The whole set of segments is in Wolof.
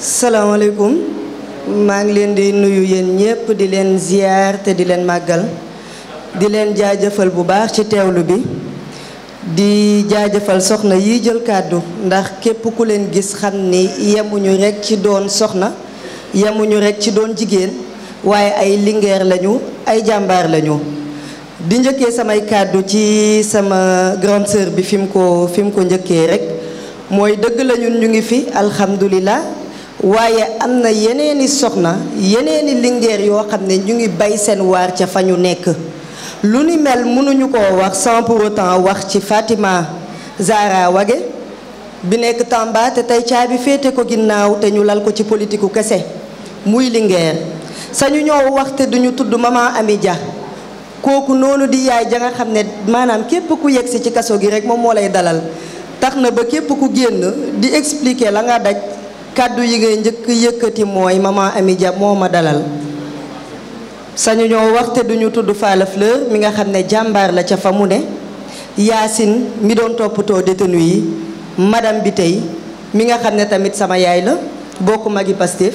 salaamaaleykum maa ngi leen di nuyu yéen ñépp di leen ziyaar te di leen màggal di leen jaajëfal bu baax ci teewlu bi di jaajëfal soxna yi jël kàddu ndax képp ku leen gis xam ni yemuñu rekk ci doon soxna yemuñu rekk ci doon jigéen waaye ay lingeer lañu ay jàmbaar lañu di njëkkee samay kàddu ci sama grande sœur bi fim ko fim ko njëkkee rekk mooy dëgg la ñu ngi fi alhamdulilah waaye am na yeneeni soxna yeneeni lingeer yoo xam ne ñu ngi bay seen waar ca fa ñu nekk lu ni mel mënuñu koo wax sans pour autant wax ci Fatima Zahra wage bi nekk Tamba te tey caabi féete ko ginnaaw te ñu lal ko ci politiku kese muy lingeer sañu ñoo wax te duñu tudd maman Ami Dia kooku noonu di yaay ja nga xam ne maanaam képp ku yegsi ci kaso gi rek moom moo lay dalal tax na ba képp ku génn di expliquer la nga daj kàddu yi ngay njëkk yëkkati mooy maman ami Dia moo ma dalal sañu ñoo waxte duñu tudd Falla mi nga xam ne jàmbaar la ca fa mu ne Yacine mi doon toppatoo détenu yi madame bi tey mi nga xam ne tamit sama yaay la bokk mag magi Pastef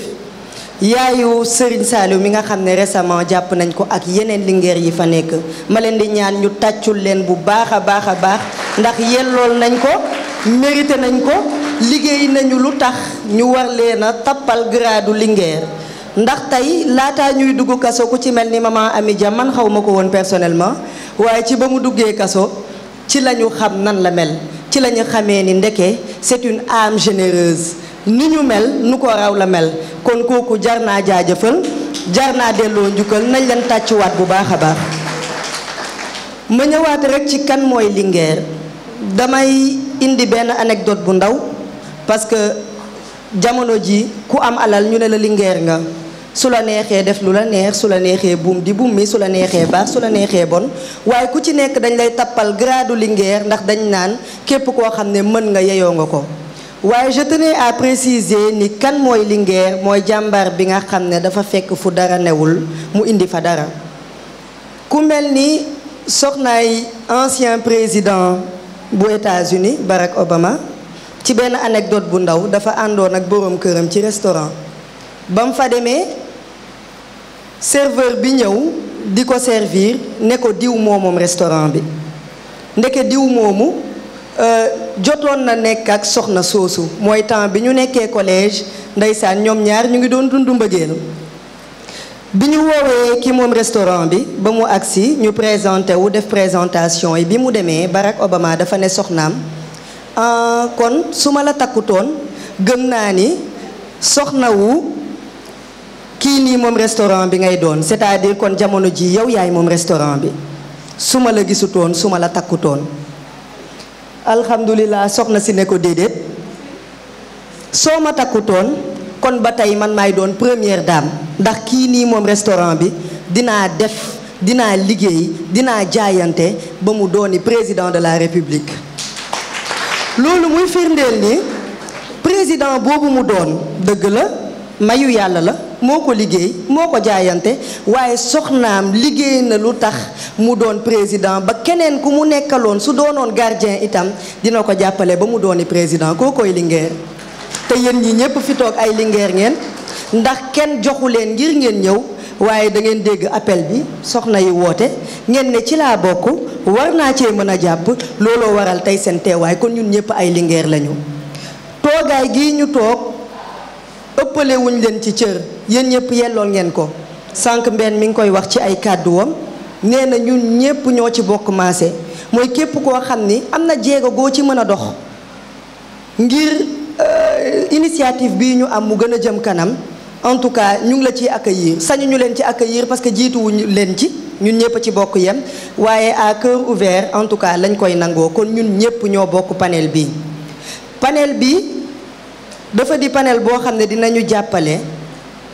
yaayu Serigne Saliou mi nga xam ne récemment jàpp nañ ko ak yeneen lingeer yi fa nekk ma leen di ñaan ñu tàccul leen bu baax a baax a baax ndax yellool nañ ko mérité nañ ko liggéey nañu lu tax ñu war leen a tappal gradu Linguère ndax tey laataa ñuy dugg kaso ku ci mel ni maman Ami Dia man xaw ma ko woon personnellement waaye ci ba mu duggee kaso ci lañu xam nan la mel ci la xamee ni ndekke c'est une âme généreuse ni ñu mel nu ko raw la mel kon kooku jar naa jaajëfal jar naa delloo njukkal nañ leen tàccuwaat bu baax a baax ma ñëwaat ci kan mooy Linguère damay indi benn anecdote bu ndaw parce que jamono ji ku am alal ñu ne la lingeer nga su la neexee def lu la neex su la neexee buum di buum mi su la neexee baax su la neexee bon waaye ku ci nekk dañ lay tappal gradu lingeer ndax dañ naan képp koo xam ne mën nga yeyoo nga ko waaye je tenais à préciser ni kan mooy lingeer mooy jàmbaar bi nga xam ne dafa fekk fu dara newul mu indi fa dara ku mel ni soxnaay ancien président bu États-Unis Barack Obama ci benn anecdote bu ndaw dafa àndoon ak boroom këram ci restaurant ba mu fa demee serveur bi ñëw di ko servir ne ko diw moomoom restaurant bi ndeke diw moomu euh, jotoon na nekk ak soxna soosu mooy temps bi ñu nekkee collège ndeysaan ñoom ñaar ñu ngi doon dund mbëggeel bi ñu woowee ki moom restaurant bi ba mu agsi ñu présenté wu def présentation bi mu demee Barack Obama dafa ne soxnaam Ah, kon su ma la takkutoon gën naa ni soxna wu kii nii moom restaurant bi ngay doon c'est-à-dire kon jamono ji yow yaay moom restaurant bi su ma la gisutoon su ma la takkutoon alhamdulilah soxna si ne ko déedéet soo ma takkutoon kon ba tey man maay doon première daam ndax kii nii moom restaurant bi dinaa def dinaa liggéey dinaa jaayante ba mu dooni président de la république loolu muy firndeel ni président boobu mu doon dëgg la mayu yàlla la moo ko liggéey moo ko jaayante waaye soxnaam liggéey na lu tax mu doon président ba keneen ku mu nekkaloon su doonoon gardien itam dina ko jàppale ba mu dooni président koo koy lingeer te yéen ñi ñëpp fi toog ay lingeer ngeen ndax kenn joxu leen ngir ngeen ñëw waaye da ngeen dégg appel bi soxna yi woote ngeen ne ci laa bokk war naa cee mën a jàpp looloo waral tey seen teewaay kon ñun ñëpp ay lingeer lañu toogaay gi ñu toog ëppale leen ci cër yéen ñëpp yellool ngeen ko sànq mbenn mi ngi koy wax ci ay kàdduwam nee na ñun ñëpp ñoo ci bokk maase mooy képp koo xam ni am na jéego goo ci mën a dox ngir euh, initiative bii ñu am mu gën a jëm kanam en tout cas ñu ngi la ciy accueillir sañu ñu leen ci accueillir parce que jiituwuñu leen ci ñun ñëpp ci bokk yem waaye à cœur ouvert en tout cas lañ koy nangoo kon ñun ñëpp ñoo bokk panel bi panel bi dafa di panel boo xam ne dinañu jàppale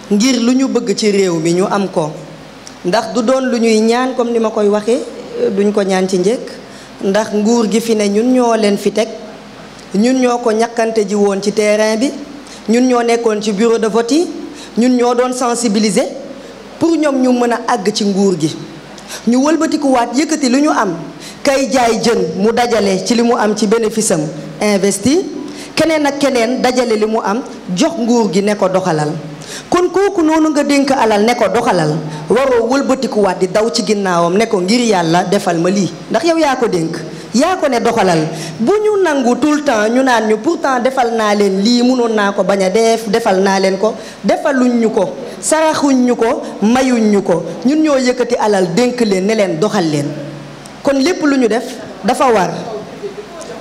ngir lu ñu bëgg ci réew mi ñu am ko ndax du doon lu ñuy ñaan comme ni ma koy waxee duñ ko ñaan ci njëkk ndax nguur gi fi ne ñun ñoo leen fi teg ñun ñoo ko ñàkkante ji woon ci terrain bi ñun ñoo nekkoon ci bureau de vote yi ñun ñoo doon sensibiliser pour ñoom ñu mën a àgg ci nguur gi ñu wëlbatikuwaat yëkkati lu ñu am kay jaay jën mu dajale ci li mu am ci bénéfice investi keneen ak keneen dajale li mu am jox nguur gi ne ko doxalal kon kooku noonu nga dénk alal ne ko doxalal waroo wëlbatikuwaat di daw ci ginnaawam ne ko ngir yàlla defal ma lii ndax yow yaa ko dénk yaa ko ne doxalal bu ñu nangu tout le temps ñu naan ñu pour pourtant defal naa leen lii mënoon naa ko bañ a def defal naa leen ko defaluñ ñu ko saraxuñ ñu ko mayuñ ñu ko ñun ñoo yëkkati alal dénk leen ne leen doxal leen kon lépp lu ñu def dafa war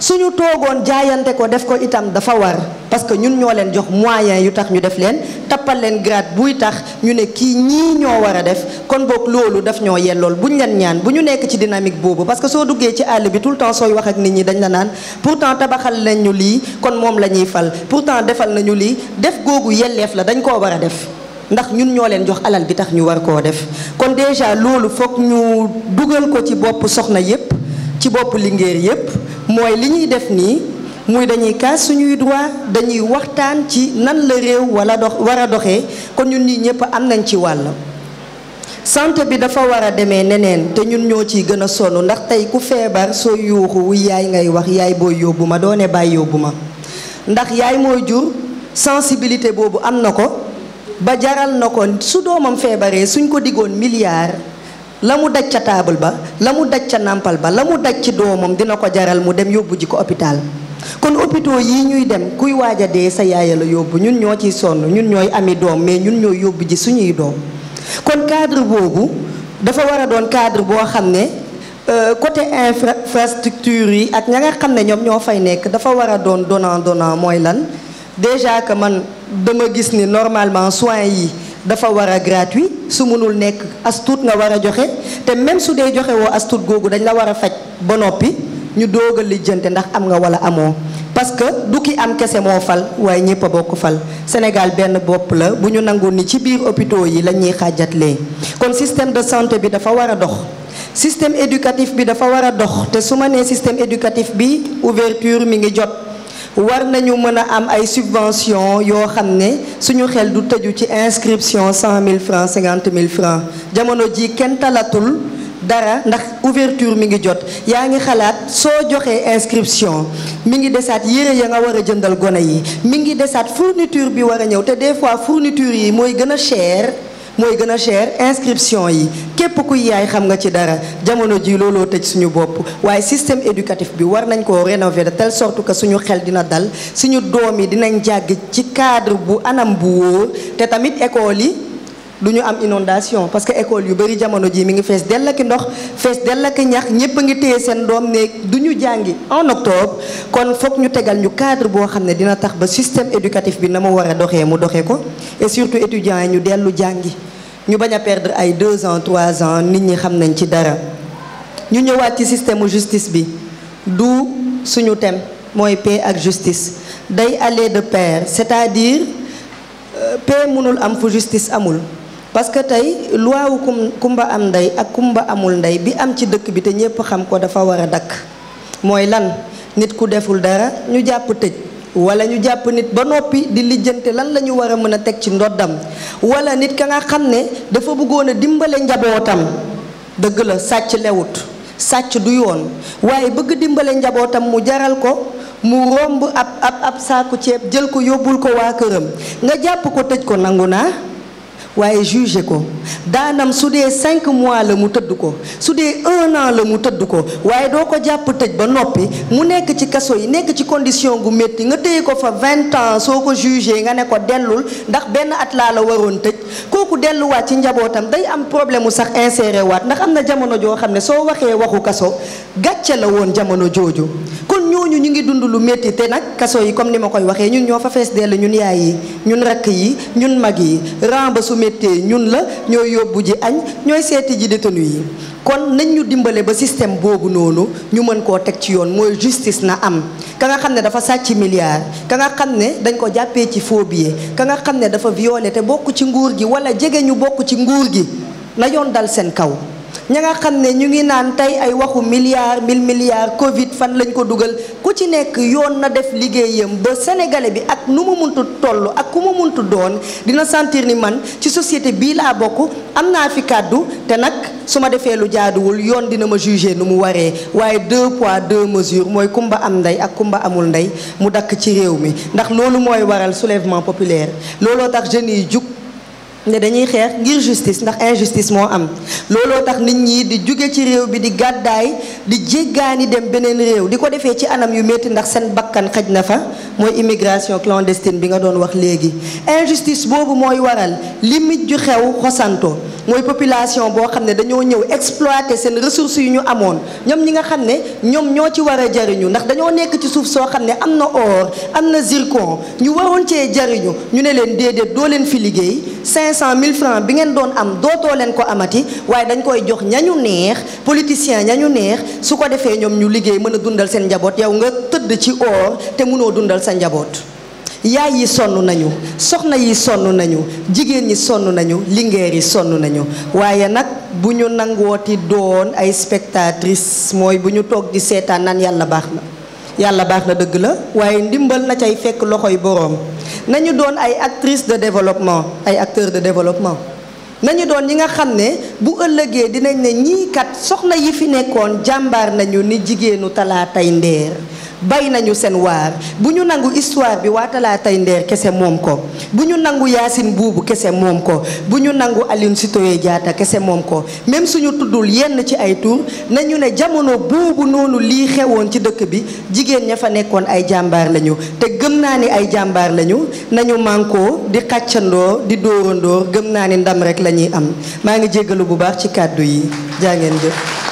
su suñu toogoon jaayante ko def ko itam dafa war parce que ñun ñoo leen jox moyen yu tax ñu def leen tappal leen grade buy tax ñu ne kii ñii ñoo war a def kon boog loolu daf ñoo yellool buñ leen ñaan bu ñu nekk ci dynamique boobu parce que soo duggee ci àll bi tul le temps sooy wax ak nit ñi dañ la naan pourtant tabaxal nañ ñu lii kon moom la ñuy fal pourtant defal nañu lii def googu yelleef la dañ koo war a def ndax ñun ñoo leen jox alal bi tax ñu war koo def kon déjà loolu foog ñu dugal ko ci bopp soxna yépp ci bopp lingeer yépp mooy li ñuy def nii muy dañuy kaas suñuy droit dañuy waxtaan ci nan la réew wala dox war a doxee kon ñun nii ñëpp am nañ ci wàll. santé bi dafa war a demee neneen te ñun ñoo ciy gën a sonn ndax tey ku feebar soo yuuxu wu yaay ngay wax yaay booy yóbbu ma doone bàyyi yóbbu ma ndax yaay mooy jur sensibilité boobu am na ko ba jaral na ko su doomam feebaree suñ ko diggoon milliard la mu daj ca taabal ba la mu daj ca nàmpal ba la mu daj ci doomam dina ko jaral mu dem yóbbu ji ko hôpital kon hôpitaux yii ñuy dem kuy waaja dee sa yaaya la yóbbu ñun ñoo ciy sonn ñun ñooy ami doom mais ñun ñooy yóbbu ji suñuy doom kon cadre boobu dafa war a doon cadre boo xam ne euh, côté infrastructure yi ak ña nga xam ne ñoom ñoo fay nekk dafa war a doon donnant donnant mooy lan déjà que man dama gis ni normalement soins yi dafa war a gratuit su mënul nekk as tuut nga war a joxe te même su dee joxe woo as googu dañ la war a faj ba noppi ñu doog a lijjante ndax am nga wala amoo parce que du ki am kese moo fal waaye ñëpp a bokk fal Sénégal benn bopp la bu ñu nangu ni ci biir hôpitaux yi la ñuy xaajatlee kon système de santé bi dafa war a dox système éducatif bi dafa war a dox te su ma nee système éducatif bi ouverture mi ngi jot war nañu mën a am ay subvention yoo xam ne suñu xel du tëju ci inscription cent mille francs cinquante mille francs jamono ji kenn talatul dara ndax ouverture mi ngi jot yaa ngi xalaat soo joxee inscription mi ngi desaat yére ya nga war a jëndal gone yi mi ngi desaat fourniture bi war a ñëw te des fois fourniture yi mooy gën a chair mooy gën a cher inscription yi képp kuy yaay xam nga ci dara jamono ji looloo tëj suñu bopp waaye système éducatif bi war nañ koo rénover de telle sorte que suñu xel dina dal suñu doom yi dinañ jàgg ci cadre bu anam bu wóor te tamit école yi du ñu am inondation parce que école yu bari jamono ji mi ngi fees dell ak ndox fees dell ak ñax ñépp a ngi téye seen doom ne du ñu jàngi en octobre kon fokk ñu tegal ñu cadre boo xam ne dina tax ba système éducatif bi na mu war doxee mu doxee ko et surtout étudiants yi ñu dellu jàngi ñu bañ a perdre ay deux ans trois ans nit ñi xam nañ ci dara ñu ñëwaat ci système justice bi du suñu thème mooy paix ak justice day aller de pair c'est-à-dire euh, paix mënul am fu justice amul parce que tey loi kum kumba am ndey ak kumba amul ndey bi am ci dëkk bi te ñépp xam ko dafa war a dakk mooy lan nit ku deful dara ñu jàpp tëj walla ñu jàpp nit ba noppi di lijjante lan lañu war a mën a teg ci ndoddam walla nit ka nga xam ne dafa bëggoon a dimbale njabootam dëgg la sàcc lewut sàcc du yoon waaye bëgg dimbale njabootam mu jaral ko mu romb ab ab ab saaku ceeb jël ko yóbbul ko waa këram nga jàpp ko tëj ko nangu naa waaye jugé ko daanam su dee cinq mois la mu tëdd ko su dee un an la mu tëdd ko waaye doo ko jàpp tëj ba noppi mu nekk ci kaso yi nekk ci condition gu métti nga téye ko fa vingt ans soo ko jugé nga ne ko dellul ndax benn at laa la waroon tëj kooku delluwaat ci njabootam day am problème mu sax inséré waat ndax am na jamono joo xam ne soo waxee waxu kaso gàcce la woon jamono jooju ñooñu ñu ngi dund lu métti te nag kaso yi comme ni ma koy waxee ñun ñoo fa fees dell ñun yaay yi ñun rakk yi ñun mag yi ba su méttee ñun la ñooy yóbbu ji añ ñooy seeti ji détenu yi kon nañ ñu dimbale ba système boobu noonu ñu mën koo teg ci yoon mooy justice na am ka nga xam ne dafa sàcc milliard ka nga xam ne dañ ko jàppee ci faux billet ka nga xam ne dafa violé te bokk ci nguur gi wala jege ñu bokk ci nguur gi na yoon dal seen kaw ña nga xam ne ñu ngi naan tey ay waxu milliards mille milliards Covid fan lañ ko dugal ku ci nekk yoon na def liggéeyam ba sénégalais bi ak nu mu muntu toll ak ku mu muntu doon dina sentir ni man ci société bii laa bokk am naa fi kàddu te nag su ma defee lu jaaduwul yoon dina ma juger nu mu waree waaye deux poids deux mesures mooy kumba am ndey ak kumba amul ndey mu dakk ci réew mi ndax loolu mooy waral soulèvement populaire looloo tax jeunes yi jug ne dañuy xeex ngir justice ndax injustice moo am looloo tax nit ñi di jóge ci réew bi di gàddaay di jéggaani dem beneen réew di ko defee ci anam yu métti ndax seen bakkan xaj na fa mooy immigration clandestine bi nga doon wax léegi. injustice boobu mooy waral limite ju xew xosanto mooy population boo xam ne dañoo ñëw exploiter seen ressources yu ñu amoon ñoom ñi nga xam ne ñoom ñoo ci war a jariñu ndax dañoo nekk ci suuf soo xam ne am na or am na zircon ñu waroon cee jariñu ñu ne leen déedéet doo leen fi liggéey. 500 000 francs bi ngeen doon am dootoo leen ko amati waaye dañ koy jox ñañu neex politiciens ñañu neex su ko defee ñoom ñu liggéey mën a dundal seen njaboot yow nga tëdd ci oor te mënoo dundal sa njaboot. yaay yi sonn nañu soxna yi sonn nañu jigéen ñi sonn nañu lingeer yi sonn nañu waaye nag bu ñu nangooti doon ay spectatrice mooy bu ñu toog di seetaan naan yàlla baax na yàlla baax na dëgg la waaye ndimbal na cay fekk loxoy boroom nañu doon ay actrices de développement ay acteur de développement nañu doon ñi nga xam ne bu ëllëgee dinañ ne ñii kat soxna yi fi nekkoon jàmbaar nañu ni jigéenu talaatay ndeer bay nañu seen waar bu ñu nangu histoire bi laa tey Ndeer kese moom ko bu ñu nangu yaasin buubu kese moom ko bu ñu nangu Aline Sitoé jaata kese moom ko même suñu tuddul yenn ci ay tur nañu ne jamono boobu noonu lii xewoon ci dëkk bi jigéen ña fa nekkoon ay jàmbaar lañu te gëm naa ni ay jàmbaar lañu nañu mànkoo di xàccandoo di dóorandoo gëm naa ni ndam rek la ñuy am maa ngi jéggalu bu baax ci kàddu yi jaa ngeen